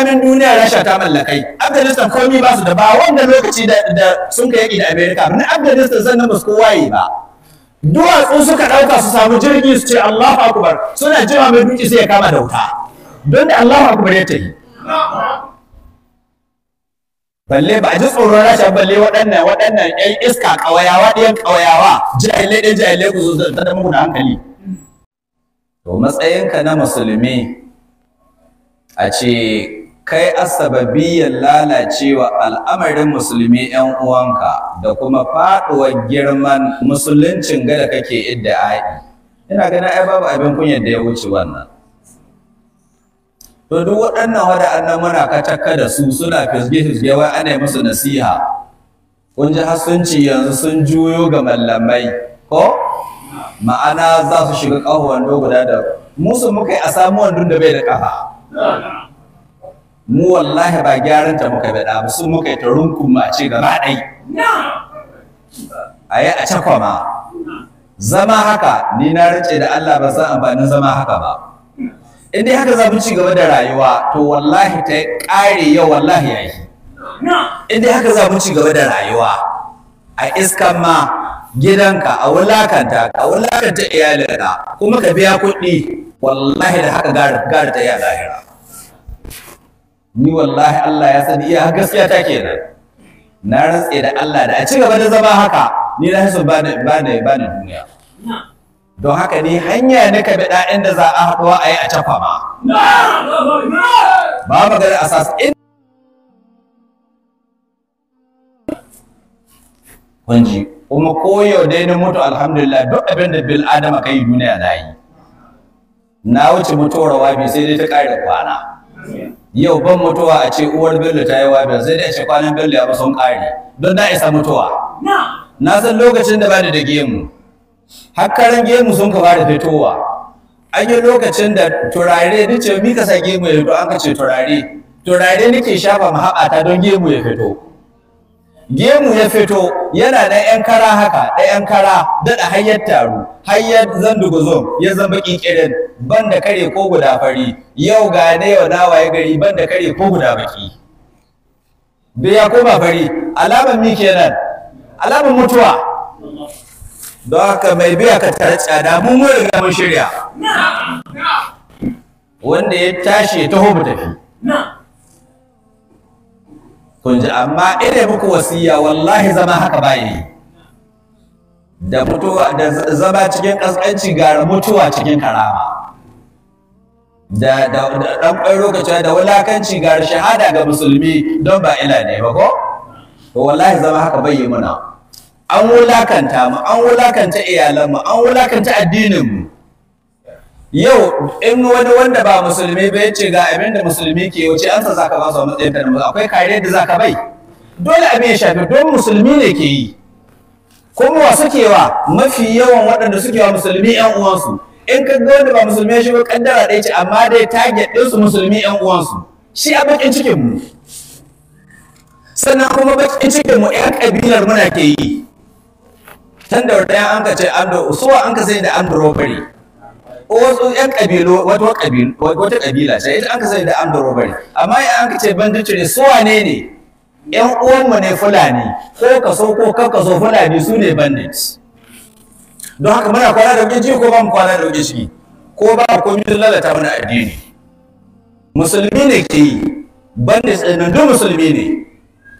makamin duniya rasha ta mallakai afghanistan komi ba su da ba wanda lokaci da sun ka yaki da america na afghanistan sannan ba su kowa yi ba duwatsu suka ɗauka su samu jirgi su ce allahu akubar. suna jima mai duki sai ya kama da wuta don da allahu akubar ya tafi balle ba a ji tsoron rasha balle waɗannan waɗannan ƴan iska ƙawayawa ɗiyan ƙawayawa jahilai ɗin jahilai ku zo ta da muku da hankali to matsayinka na musulmi a ce kai asababiyyar lalacewa al'amarin musulmi 'yan uwanka da kuma faɗuwar girman musuluncin gada kake kake ai ina ganin ai babu abin kunya da ya wuce wannan to duk waɗannan annan muna katakka da su suna fisge-fisge wai ana musu nasiha kun ji hasunci yanzu sun juyo ga mallamai ko ma'ana za su shiga ƙaho wando guda da musu muka yi a samu wandon da bai da kafa mu wallahi ba gyaran ta muka bada ba su muka yi ta ma ce gaba ɗai a yi a cakwama zama haka ni na rice da Allah ba san amfanin zama haka ba in dai haka za mu ci gaba da rayuwa to wallahi ta ƙare yau wallahi ya yi in dai haka za mu ci gaba da rayuwa a iskan ma gidanka a wulakanta A wulakanta iyalinka kuma ka biya kuɗi wallahi da haka gara ta a lahira ni wallahi Allah ya sani iya gaskiya ta kenan na rantse da Allah da a ci gaba da zama haka ni na hisu ba da ba da ba da duniya don haka ne hanya ne ka da inda za a haɗuwa a yi a cafa ma ba ga asas in kunji kuma koyo dai na mutu alhamdulillah duk abin da bil adama kai duniya na yi na wuce mutuwar wabi sai dai ta kare kwana yau ban mutuwa a ce uwar bello ta yi wabiya da zai ce kwanan bello ya sun ƙare don na isa mutuwa na san lokacin da bani da gemu hakkaran gemu sun ka fara fitowa an yi lokacin da turare ni ce mika sa gemu ya fito an ka ce turare turare nake shafa mahaɓata don gemu ya fito gemu ya fito yana da yan kara haka da yan kara daɗa hayyar taru hayyar zon, ya zama kinkirin ban da kare ko guda fari yau ga da yau na waye gari ban da kare ko guda baki da ya koma fari alaman mi kenan alaman mutuwa don haka mai biya ka tare da mun riga mun shirya wanda ya tashi ta taho mu tafi kun ji amma ina muku wasiya wallahi zama haka ba yi da mutuwa da zama cikin kaskanci gara mutuwa cikin karama da da dan kai lokaci da wulakanci gara shahada ga musulmi don ba ila ne ba ko wallahi zama haka bai yi muna an wulakanta mu an wulakanta iyalan mu an wulakanta addinin mu yau in wani wanda ba musulmi ba ce ga abin da musulmi ke wuce an sa zaka ba su a matsayin ta akwai kare da zaka bai dole abin ya shafi don musulmi ne ke yi kuma wa suke wa mafi yawan waɗanda suke wa musulmi yan uwansu in ka ga wanda ba musulmi shi ba kaddara ɗaya ce amma dai target ɗin su musulmi yan uwansu shi a bakin cikin mu sannan kuma bakin cikin mu yan kabilar muna ke yi tandar ɗaya an ka ce an da usuwa an ka sai da an da robbery wasu yan kabilu wata kabilu wata kabila sai ita aka sani da an da robbery amma in an ce banditry ne su wane ne yan uwanmu ne fulani ko kaso ko so fulani su ne bandits don haka muna kwana da gijji ko ba mu kwana da gijji ko ba ko mun lalata mana addini musulmi ne ke yi bandits ɗin duk musulmi ne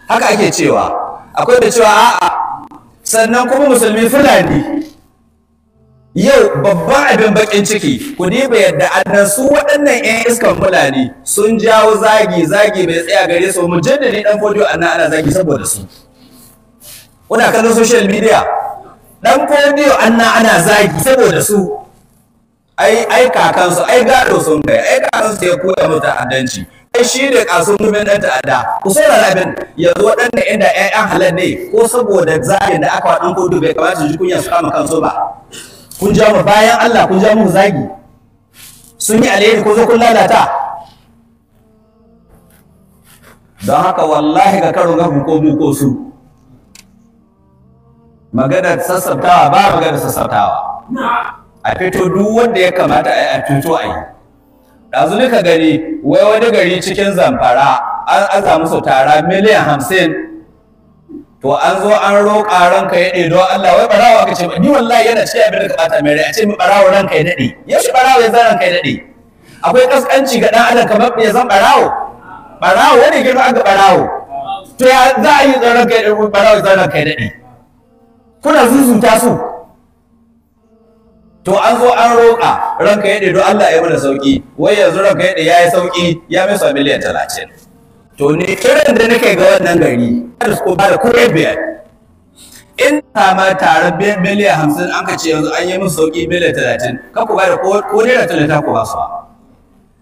haka ake cewa akwai da cewa a'a sannan kuma musulmi fulani yau babban abin bakin ciki ku diba yadda annan su waɗannan 'yan iskan fulani sun jawo zagi zagi mai tsaya gare su mu ne dan fodiyo anna ana zagi saboda su kuna kallon social media dan fodiyo anna ana zagi saboda su ai ai kakansu ai gado sun kai ai kakansu ya koya mata ta'addanci ai shi da kasu mumin dan ta'adda ku saurara bin yanzu waɗannan inda 'ya'yan halal ne ko saboda zagin da aka wa dan fodiyo bai kamata su ji kunya su kama kansu ba kun ja mu bayan Allah kun ja mu zagi sun yi alheri ko zo kun lalata don haka wallahi ga karo ga ko mu ko su Magana sassabtawa ba maganar sassabtawa a fito duk wanda ya kamata a fito a yi ɗazu ka gani wai wani gari cikin zamfara an aza musu tara miliyan hamsin to an zo an roƙa ranka ya ɗe don Allah wai barawa ka ce ni wallahi yana ce abin da ka bata mai rai a ce mu barawa ranka ya daɗe ya shi barawa ya zan ka ya daɗe akwai kaskanci ga ɗan adam kamar ya zan barawo barawo wani girma ga barawo to ya za a yi zan ka ya ko barawa ya zan ka ya daɗe kuna zuzunta su to an zo an roƙa ranka ya ɗe don Allah ya mana sauki wai yanzu ranka ya ɗe ya yi sauki ya mai sa miliyan talatin to ne kiran da nake ga wannan gari da su ba da kure biyar in kama tare miliyan hamsin an ka ce yanzu an yi min sauƙi miliyan talatin ka ku ba da ko naira talata ku ba su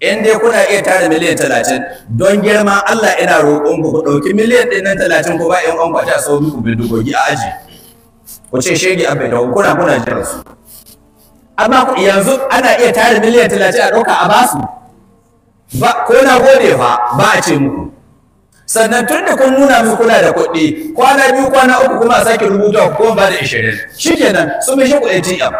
in dai kuna iya tara miliyan talatin don girma Allah ina roƙon ku ku ɗauki miliyan ɗin nan talatin ku ba ƴan ƙwan kwata sau muku dubogi a aji ku ce shege a bai dawo kuna kuna jiran su amma yanzu ana iya tara miliyan talatin a ɗauka a basu ba ko na gode ba, ba a ce muku sannan tun da kun nuna min kuna da kuɗi kwana biyu kwana uku kuma a sake rubutu ku kuma ba da ishirin shikenan su mishi ku ATM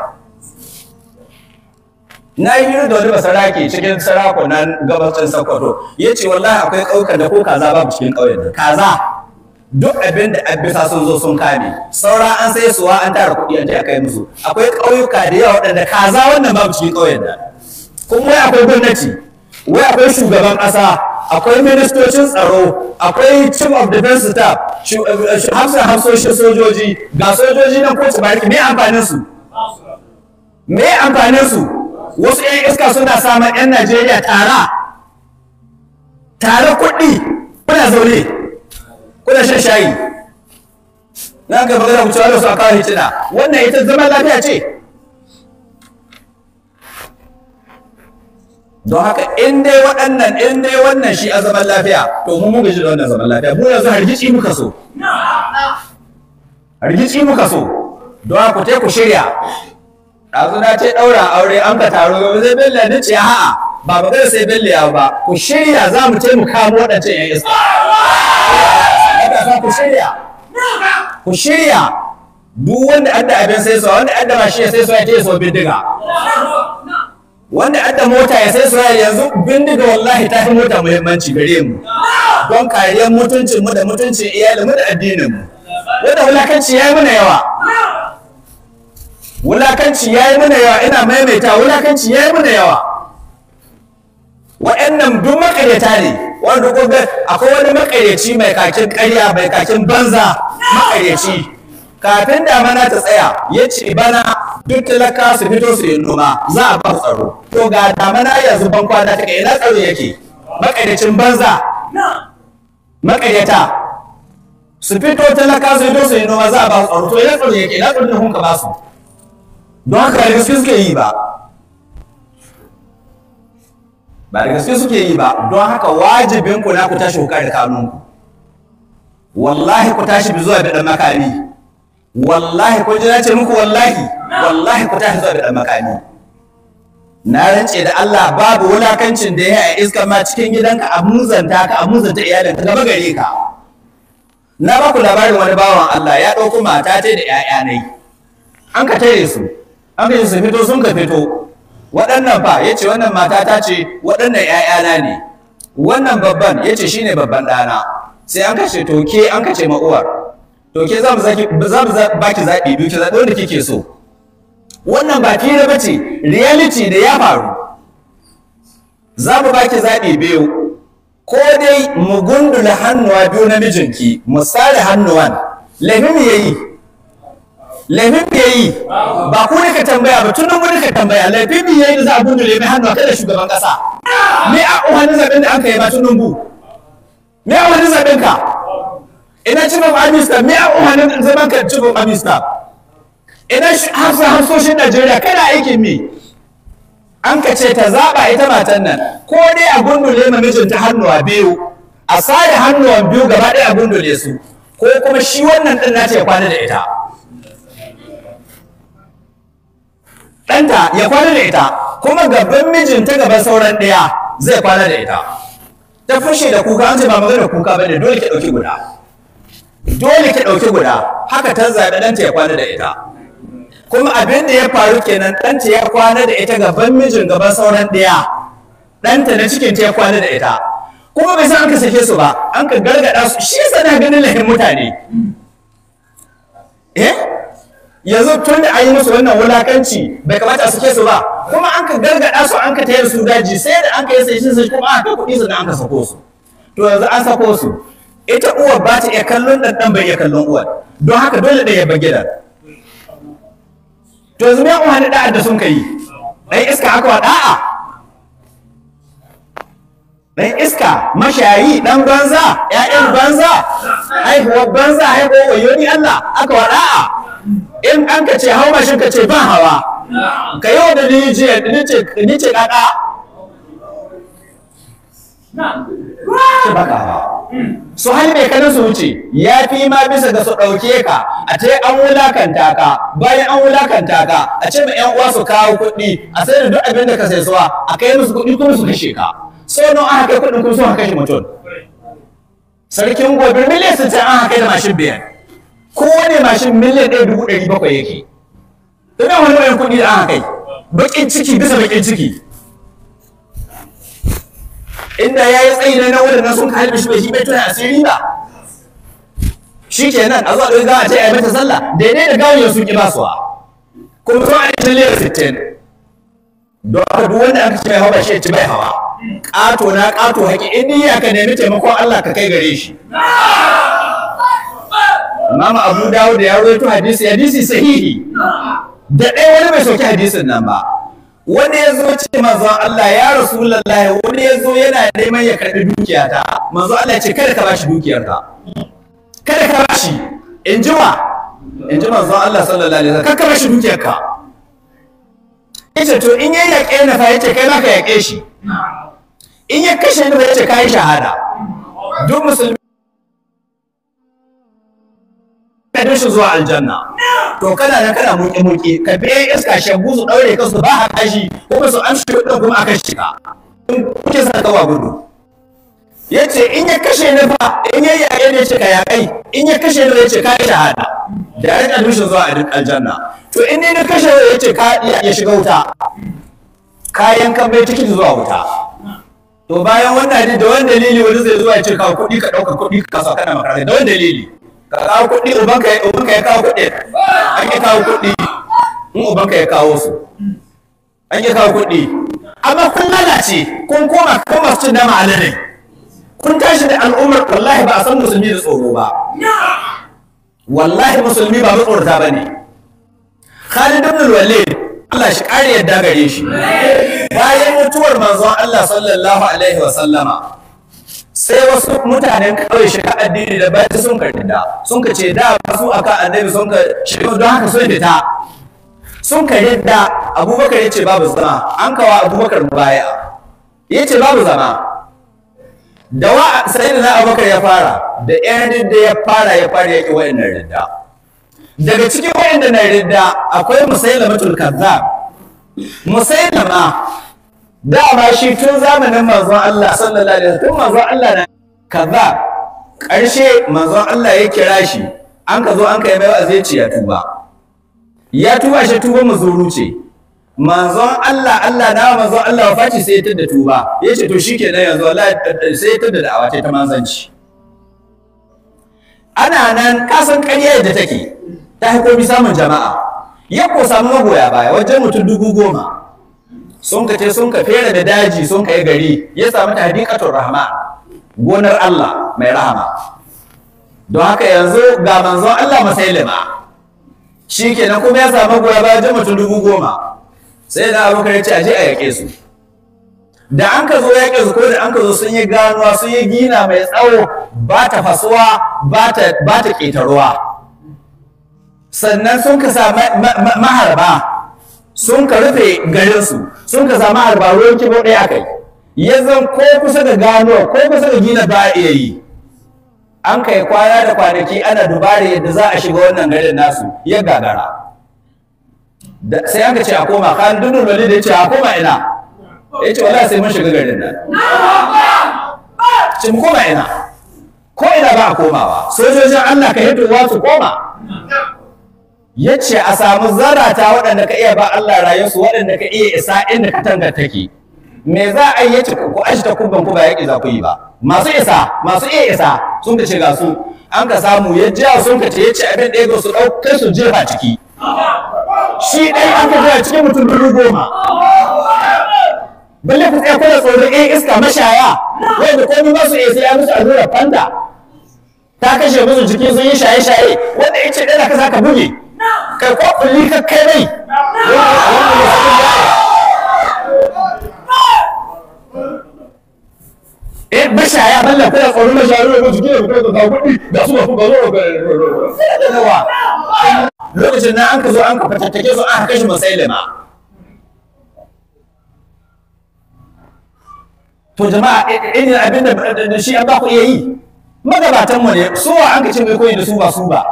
na yi hirar da wani basarake cikin sarako na gabacin Sokoto ya ce wallahi akwai ƙauka da ko kaza babu cikin ƙauyen da kaza duk abin da abisa sun zo sun kame saura an sai suwa an tara kuɗi an je a kai musu akwai ƙauyuka da yawa waɗanda kaza wannan babu cikin ƙauyen da kuma wai akwai gwamnati wai akwai shugaban ƙasa akwai ministocin tsaro akwai chief of defense staff eh, eh, hamsin hafsoshin sojoji ga sojoji nan kotu bariki me amfanin su me amfanin su wasu 'yan iska suna samun 'yan najeriya tara tare kuɗi kuna zaune kuna shan shayi na gaba gada ku da su a kawai hicina wannan ita zaman lafiya ce don haka in dai waɗannan in dai wannan shi a zaman lafiya to mu mun gaji da wannan zaman lafiya mu yanzu hargitsi muka so Hargitsi muka so don haka te ku shirya ɗazu na ce ɗaura aure an ka taro ga zai bella ni ce a'a ba ba zai sai bella ba ku shirya za mu taimaka mu waɗancan yan iska ku shirya ku shirya duk wanda adda abin sai so wanda adda ba shi sai so ya ce so bindiga wanda adda mota ya sai suna yanzu bindiga wallahi ta fi mota muhimmanci gare mu don kariyar mutuncin mu da mutuncin iyalin mu da addinin mu wanda wulakanci yayi mana yawa wulakanci yayi mana yawa ina maimaita wulakanci yayi mana yawa wa'annan duk makaryata ne wanda ko ga akwai wani makaryaci mai kakin ƙarya mai kakin banza makaryaci kafin damana ta tsaya ya ci bana duk talaka su fito su yi noma za a ba tsaro to ga damana yanzu ban kwana ta kai na tsaro yake makaidacin banza makaidata su fito talaka su fito su yi noma za a ba tsaro to ina tsaro yake ina tsaro hun ka ba su don haka da gaske suke yi ba ba da gaske suke yi ba don haka wajibin ku na ku tashi hukar da kanunku wallahi ku tashi bi zuwa da makami wallahi kun jira ce muku wallahi wallahi ku ta zuwa da makami na rance da Allah babu wulakancin da ya yi iska ma cikin gidanka a muzanta ka a muzanta iyalinka gaba gare ka na ba ku labarin wani bawan Allah ya ɗauko mata ta da ‘ya'ya nai an ka tare su an ka su fito sun ka fito waɗannan fa ya ce wannan mata ta ce waɗannan ‘ya'yana ne wannan babban yace shine babban ɗana sai an kashe toke an kace ma'uwar to ke za mu baki zaɓi biyu ke zabi wanda kike so wannan ba fira bace ce reality da ya faru za mu baki zaɓi biyu ko dai mu gundula hannuwa biyu na mijinki mu sare hannuwan laifin ya yi laifin ya yi ba ku ne ka tambaya ba tunan gudu ka tambaya laifin ya yi da za a gundula mai hannuwa kada shugaban ƙasa me a wani zaɓen da aka yi ba tunan bu me a wani zaɓen ka ina chief of me an umarnin in zama kan of army ina hafsa hafsoshin najeriya kana aikin me an ka ce ta zaɓa ita matan nan ko dai a gundule ma mijinta hannuwa biyu a sare hannuwan biyu gaba ɗaya a gundule su ko kuma shi wannan ɗin na ce kwana da ita ɗanta ya kwana da ita kuma gaban mijinta gaban sauran ɗaya zai kwana da ita ta fashe da kuka an ce ba magana kuka ne, dole ki ɗauki guda dole ki ɗauki guda haka ta zaɓi ɗanta ya kwana da ita kuma abin da ya faru kenan ɗanta ya kwana da ita gaban mijin gaban sauran ɗaya ɗanta na cikin ta ya kwana da ita kuma bai san an ka sake su ba an ka gargaɗa su shi na ganin lahin mutane eh yanzu tun da ayi yi musu wannan wulakanci bai kamata a sake su ba kuma an ka gargaɗa su an ka tayar su daji sai da an ka yi sai shi kuma an ka kuɗi su da an ka sako su to yanzu an sako su ita uwar ba ta iya kallon dan dan bai iya kallon uwar don haka dole ya bage gidan to yanzu uwa ne da sun kai ɗan iska haka wa da'a dai iska mashayi ɗan banza ƴaƴan banza haihuwar banza haihuwar wayo ni Allah aka wa da'a in an ka ce hau mashin ka ce ban hawa ka yi wa da ni ce ni ce kaka ce baka hawa su mai kanin su wuce ya fi ma bisa ga su ɗauke ka a ce an wulakanta ka bayan an wulakanta ka a ce mai yan uwa su kawo kuɗi a sai da duk abin da ka sai suwa a kai musu kuɗi kuma su kashe ka so nan aka kai kuɗin kuma su haka kashe mutum sarkin gobe miliyan sittin an haka da mashin biyar kowane mashin miliyan ɗaya dubu ɗari bakwai yake ina wani wayan kuɗi da an haka baƙin ciki bisa baƙin ciki inda ya yi tsayi na nawa na sun kalbi shi bai shi bai tuna asiri ba shi ke nan, a zuwa za a ce a yi mata sallah daidai da yau sun ƙi basuwa kuma zuwa a yi taliyar sittin don haka duk wanda aka ce mai hawa shi ci bai hawa ƙato na ƙato haƙi in ni ya ka nemi taimakon Allah ka kai gare shi Mama Abu Dawud ya rawaito hadisi hadisi sahihi da ɗaya wani bai soki hadisin nan ba wani ya zo ce manzon Allah ya rasulullahi wani ya zo yana neman ya karɓi dukiya ta manzon Allah ya ce kada ka bashi dukiyar ta kada ka bashi in jima in ji manzon Allah sallallahu alaihi wasallam kada ka bashi dukiyar ka yace to in ya yaƙe na fa yace kai ma ka yaƙe shi in ya kashe ni fa yace kai shahada duk musulmi kada shi zuwa aljanna to kana da kana muke muke ka be iska shagu su daure ka su ba ha kashi kuma su amshi kudin kuma aka shiga kuke sa kawa gudu yace in ya kashe ni fa in ya yaye ne ce ka kai, in ya kashe ni yace ka shahada da ya kada shi zuwa aljanna to in ne na kashe yace ka ya shiga wuta kayan kan bai cikin zuwa wuta to bayan wannan da wani dalili wani zai zuwa ya ce ka kuɗi ka ɗauka kuɗi ka sa kana makaranta da wani dalili ka kawo kuɗi ubanka ya kawo kuɗi an yi kawo kuɗi in ubanka ya kawo su an yi kawo kuɗi amma kun lalace kun koma kama su dama a ne kun tashi da al'ummar wallahi ba a san musulmi da tsoro ba wallahi musulmi ba matsorata ba ne Khalid ibn Walid Allah shi ƙara yadda gare shi bayan mutuwar manzon Allah sallallahu alaihi wa sallama sai wasu mutanen kawai shiga addini da bayan sun karbi da sun ka ce da su aka annabi sun ka shiga don haka sun fita sun ka yadda abubakar ya ce babu zama an kawa abubakar baya ya ce babu zama da wa sai da abubakar ya fara da yan da ya fara ya fara ya ki wayannan ridda daga cikin wayannan ridda akwai musailama kazzab musailama dama shi tun zamanin manzon Allah sallallahu alaihi wasallam manzon Allah na kaza karshe manzon Allah ya kira shi an ka zo an kai mai wa'azi ce ya tuba ya tuba shi tuba zuru ce manzon Allah Allah na manzon Allah wa faci sai ta da tuba yace to shikenan yanzu Allah sai ta da da'awa ta manzanci ana nan kasan ƙarya da take ta haiko bi samun jama'a ya ko samu magoya baya wajen mutum dubu goma sun ka ce sun ka fere da daji sun yi gari ya samu ta hadikatul rahama gonar Allah mai rahama don haka yanzu ga manzon Allah musailima shi kenan kuma ya samu goya ba jama mutum dubu goma sai da abokan ya ce aje a yaƙe su da an ka zo yaƙe su ko da an ka zo sun yi ganuwa sun yi gina mai tsawo ba ta fasuwa ba ta ƙetaruwa sannan sun ka sa maharba sun ka rufe garinsu sun ka samu albaruwan kibo ɗaya kai ya zan ko kusa da gano ko kusa da gina ba iya yi an kai kwana da kwanaki ana dubara yadda za a shiga wannan garin nasu ya gagara sai an ka ce a koma khalidun da ya ce a koma ina ya ce wala sai mun shiga garin nan ce mu koma ina ko ina ba a komawa sojojin Allah ka yadda su koma yace a samu zarata waɗanda ka iya ba Allah rayuwarsu waɗanda ka iya isa inda ka tanga take me za a yi yace ku ta kubban ku ba yaƙi za ku yi ba masu isa masu iya isa sun ka shiga su an ka samu ya jiya sun ka ce yace abin da ya su ɗaukar su jirha ciki shi ɗai an ka jiya cikin mutum dubu goma balle ku tsaye kuna tsoro iya iska mashaya wanda komai ba su iya sai ya musu allurar fanda ta kashe musu jiki sun yi shaye-shaye wanda ya ce ɗaya ka za ka buge kai ko kulli ka kai ne eh, in basha ya mallaka da tsoron masharu da su gina kuɗi da kuɗi da su ba mafi bazo da yawa lokacin na an ka zo an ka fatattake su aka kashe musailima to jama'a in eh, eh, abin da shi an ba ku iya yi magabatan mu ne su an ka ce mai koyi da su ba su ba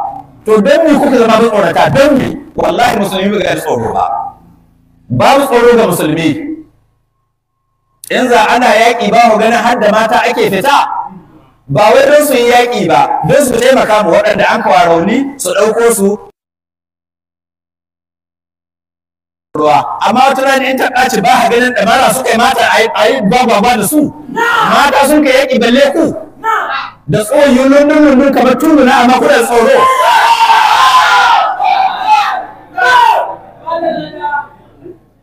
to don me kuka zama tsorata don me wallahi musulmi ba ga tsoro ba babu tsoro ga musulmi in za ana yaƙi ba ku ganin har da mata ake fita ba wai don su yi yaƙi ba don su taimaka ma waɗanda an kawo rauni su ɗauko su amma wata in ta ɓaci ba ganin ɗamara suka yi mata a yi gwagwagwa da su mata sun ka yaƙi balle ku da tsoyi lundun-lundun kamar tununa amma kuna tsoro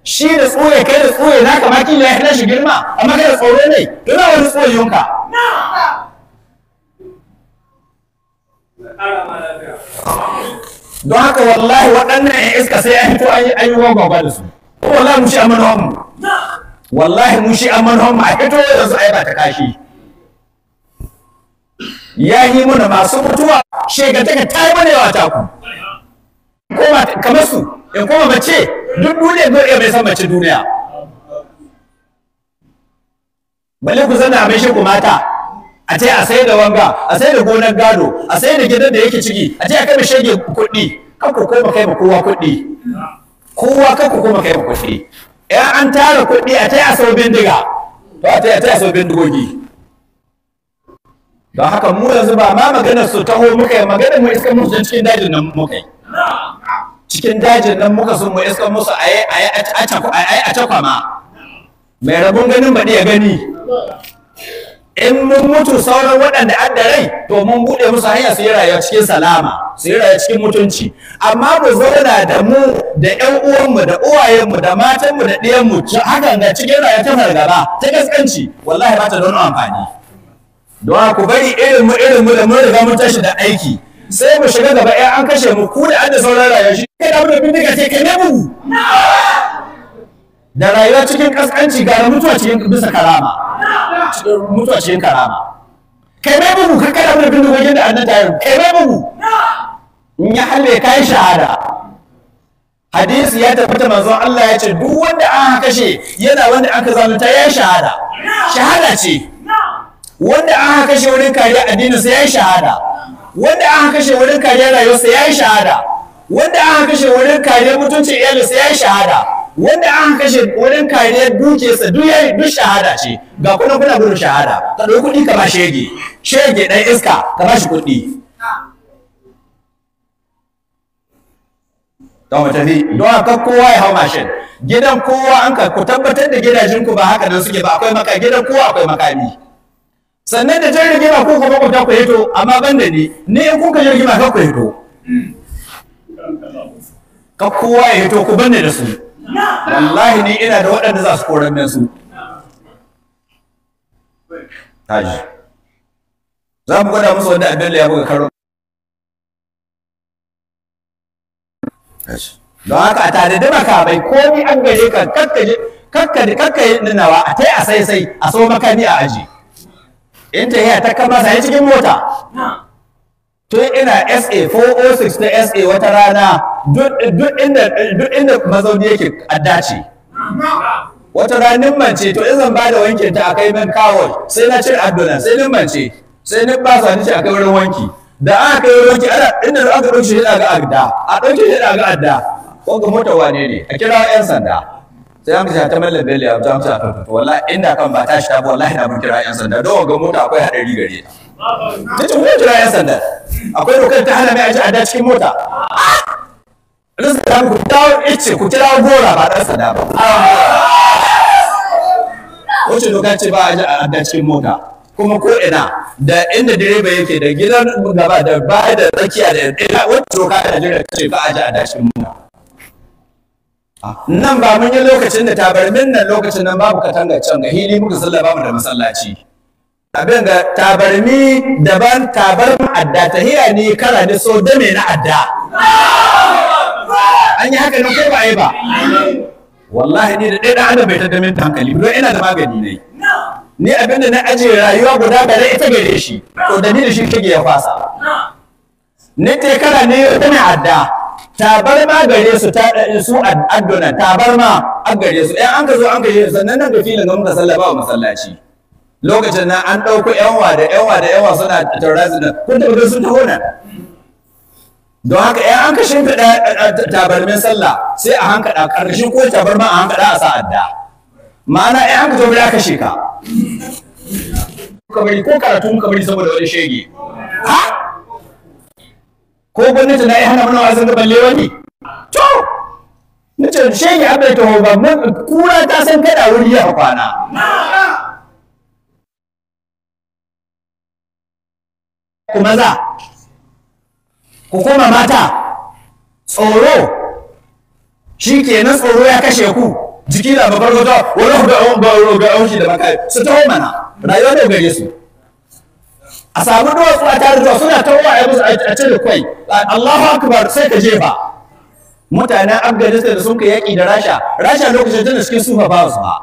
shi da tsoye kai da tsoye na kama kin ya hana shi girma amma kai da tsoro ne to na wani ka. don haka wallahi waɗannan ya iska sai an fito an yi ba da su wallahi mu shi amana mu wallahi mu shi amana mu a fito da su a yi ba ta kashi ya yi muna masu mutuwa shegantaka ta yi mana yawa ku. koma kamar su in koma mace duk duniya duk iya mai san mace duniya bale ku zana abin shi mata a ce a sai da wanga a sai da gonar gado a sai da gidan da yake ciki a ce a kai shege kuɗi kan ku koma kai ma kowa kuɗi kowa kanku koma kai ma kuɗi ya an tara kuɗi a ce a sau bindiga to a ce a sau bindigogi don haka mu yanzu ba ma maganar su taho muka yi maganar mu iska musu cikin dajin nan muka yi cikin dajin nan muka sun mu iska musu a yi a cakwa ma mai rabon ganin baɗi ya gani in mun mutu sauran waɗanda an da rai to mun buɗe musu hanya su yi rayuwa cikin salama su yi rayuwa cikin mutunci amma mu zauna da mu da ƴan uwanmu da uwayenmu da matanmu da ɗiyanmu hakan da cikin rayuwa ta fargaba ta gaskanci wallahi ba ta da wani amfani don ku bari irin mu irin mu da mun riga mun tashi da aiki sai mu shiga gaba ɗaya eh, an kashe mu ku da an da sauran rayuwa shi kai abu da bindiga ce kai ne bugu da rayuwa cikin kaskanci ga mutuwa cikin bisa karama mutuwa cikin karama kai ne bugu ka kai abu da bindigogin da an da tayar kai ne bugu in ya halle kai shahada hadisi ya tabbata manzo Allah ya ce duk wanda aka kashe yana wanda aka zalunta ya shahada shahada ce wanda aka kashe wurin kariya addinin ya yi shahada wanda aka kashe wurin kariya rayuwar ya yi shahada wanda aka kashe wurin kariya mutuncin sai ya yi shahada wanda aka kashe wurin kariya dukiyar sa duk duk shahada ce ga kuna kuna gudun shahada ka dauki kuɗi ka ba shege shege dan iska ka ba shi kuɗi don ne, don haka kowa ya hau mashin gidan kowa an ka ku tabbatar da gidajen ku ba haka nan suke ba akwai maka gidan kowa akwai makami sannan da jan rigima ko kuma ku ta ku yato amma ban da ni ne in kuka yi rigima ka ku yato ka kowa ya yato ku banne da su wallahi ni ina da waɗanda za su koran min su haji za mu gwada musu wanda abin da ya buga karo don haka a tare da maka bai komi an gare ka kakkaje kakkaje kakkaje ninawa a tai a sai sai a so makani a aji in ta yaya ta kama sai cikin mota To ina sa 406 ta sa wata rana duk inda mazauni yake dace wata ranar mance to in zan ba da wankin ta akai min kawai sai na cin addunan sai nin mance sai nin ba sa ni ce akai wurin wanki da aka kai wurin wanki ana inda aka dauke shi da ga adda a dauke shi da ga adda ko ga mota wane ne a kira yan sanda sai an ta mallam bello ya ta mata wallahi inda kan ba ta shi ta wallahi na mun kira yan sanda don ga mota akwai hadari gare ta ta ce mun kira yan sanda akwai dokar ta hana mai aji a cikin mota rizka ku dawo ice ku kira gora ba dan sanda ba wace doka ce ba a ji a cikin mota kuma ko ina da inda direba yake da gidan gaba da ba da tsakiya da ina wacce doka da jira ce ba a ji a cikin mota nan ba mun yi lokacin da tabarmin nan lokacin nan babu katanga can ga hili muka sallah mu da masallaci abin ga tabarmi daban tabarmi adda hiya ne kara ne so dame na adda an yi haka ne ko ba yi ba wallahi ni da ɗaya ɗan adam bai ta damin hankali don ina da magani ne ni abin da na ajiye rayuwa guda gare ita gare shi to da ni da shi kike ya fasa ni te kara ne dame adda tabarma gare su ta su adduna tabarma a gare su Yan an ka zo an ka yi sannan nan ga filin ga muka ba wa masallaci lokacin nan an ɗauko yanwa da yanwa da yanwa suna taurari su nan kun taɓa sun taho nan don haka yan an ka shimfiɗa tabarmin sallah sai a hankaɗa ƙarshen ko tabarma a hankaɗa a sa adda ma'ana yan an ka zo ya kashe ka kamar ko karatu muka bari saboda wani shege ha ko gwamnati na yi hana mana wasan da balle wani to na ce shege abai ta hau kura ta san kada wuri ya kwana Ku maza, ku koma mata tsoro shi kenan tsoro ya kashe ku jiki na babbar gota wani hudu ga ga ga ga da makai Su ta hau mana rayuwa ga ga a samu duwatsu a tare da suna tawa ya musu a cire kwai Allahu akbar sai ka jefa mutanen Afghanistan da sun kai yaki da Rasha Rasha lokacin tana cikin ba su ba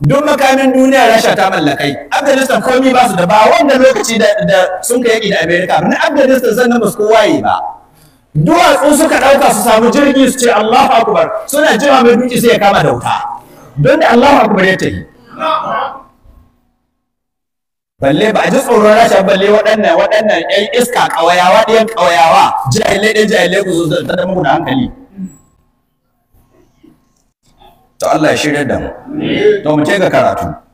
duk makamin duniya Rasha ta mallakai Afghanistan komai ba su da ba wanda lokaci da sun kai yaki da America na Afghanistan zan namu su waye ba duwatsu suka dauka su samu jirgi su ce Allahu akbar suna jima mai duki sai ya kama da wuta don da Allahu akbar ya tafi balle ba a ji tsoron rasha balle waɗannan waɗannan ƴan iska ƙawayawa ɗiyan ƙawayawa jahilai ɗin jahilai ku zo ta da muku da hankali to Allah ya shirya da mu to mu ce ga karatu